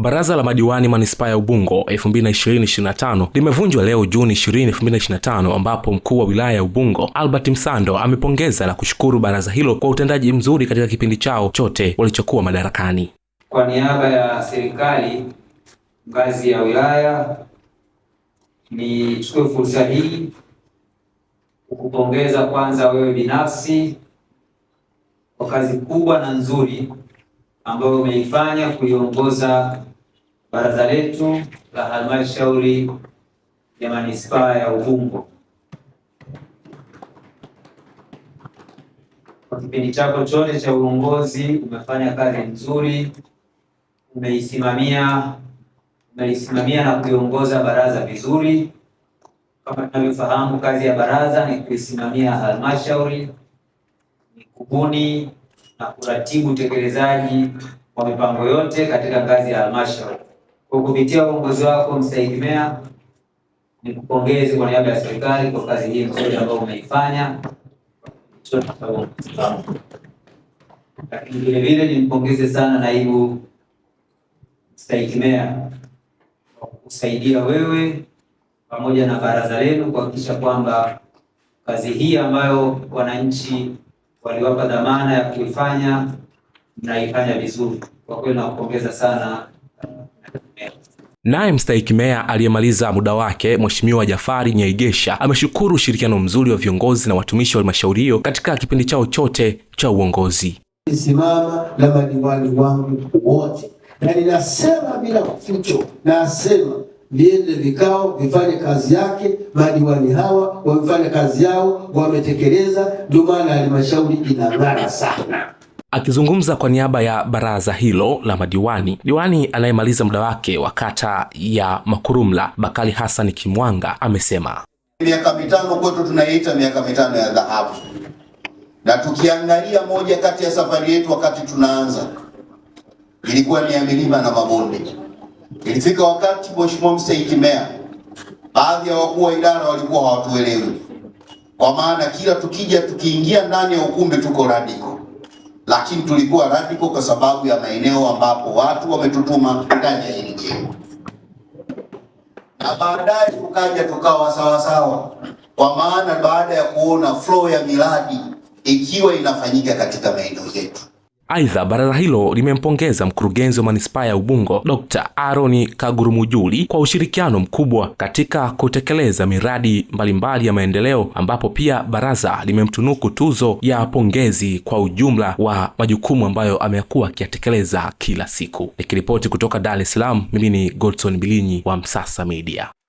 Baraza la madiwani manispaa ya Ubungo 2025 limevunjwa leo Juni 20, 2025 ambapo mkuu wa wilaya ya Ubungo Albert Msando amepongeza na kushukuru baraza hilo kwa utendaji mzuri katika kipindi chao chote walichokuwa madarakani. Kwa niaba ya serikali ngazi ya wilaya, nichukue fursa hii kukupongeza kwanza wewe binafsi kwa kazi kubwa na nzuri ambayo umeifanya kuiongoza baraza letu la halmashauri ya manispaa ya Ubungo, kwa kipindi chako chote cha uongozi umefanya kazi nzuri, umeisimamia umeisimamia na kuiongoza baraza vizuri. Kama tunavyofahamu, kazi ya baraza ni kuisimamia halmashauri, ni kubuni na kuratibu utekelezaji wa mipango yote katika ngazi ya halmashauri kwa kupitia uongozi wako Mstahiki Meya, nikupongeze kwa niaba ya serikali kwa kazi hii nzuri ambayo umeifanya, lakini vile vile nimpongeze sana naibu Mstahiki Meya kwa kusaidia wewe pamoja na baraza lenu kuhakikisha kwamba kazi hii ambayo wananchi waliwapa dhamana ya kuifanya mnaifanya vizuri. Kwa kweli nakupongeza sana. Naye mstahiki meya aliyemaliza muda wake Mheshimiwa Jafari Nyaigesha ameshukuru ushirikiano mzuri wa viongozi na watumishi wa halmashauri hiyo katika kipindi chao chote cha uongozi. Simama na madiwani wangu wote, na ninasema bila kuficho, nasema viende vikao vifanye kazi yake. Madiwani hawa wamefanya kazi yao, wametekeleza. Ndio maana halmashauri inang'ara sana. Akizungumza kwa niaba ya baraza hilo la madiwani, diwani anayemaliza muda wake wa kata ya Makurumla bakali Hassan Kimwanga amesema miaka mitano kwetu tunaiita miaka mitano ya dhahabu, na tukiangalia moja kati ya safari yetu wakati tunaanza ilikuwa ni ya milima na mabonde. Ilifika wakati Mheshimiwa Mstahiki Meya, baadhi ya wakuu wa idara walikuwa hawatuelewi, kwa maana kila tukija tukiingia ndani ya ukumbi tuko radiko lakini tulikuwa radical kwa sababu ya maeneo ambapo watu wametutuma ndani ya hili jengo, na baadaye tukaja tukawa sawasawa, kwa maana baada ya kuona flow ya miradi ikiwa inafanyika katika maeneo yetu Aidha, baraza hilo limempongeza mkurugenzi wa manispaa ya Ubungo Dr. Aaron Kagurumujuli kwa ushirikiano mkubwa katika kutekeleza miradi mbalimbali ya maendeleo, ambapo pia baraza limemtunuku tuzo ya pongezi kwa ujumla wa majukumu ambayo amekuwa akiyatekeleza kila siku. Nikiripoti kutoka Dar es Salaam, mimi ni Godson Bilinyi wa Msasa Media.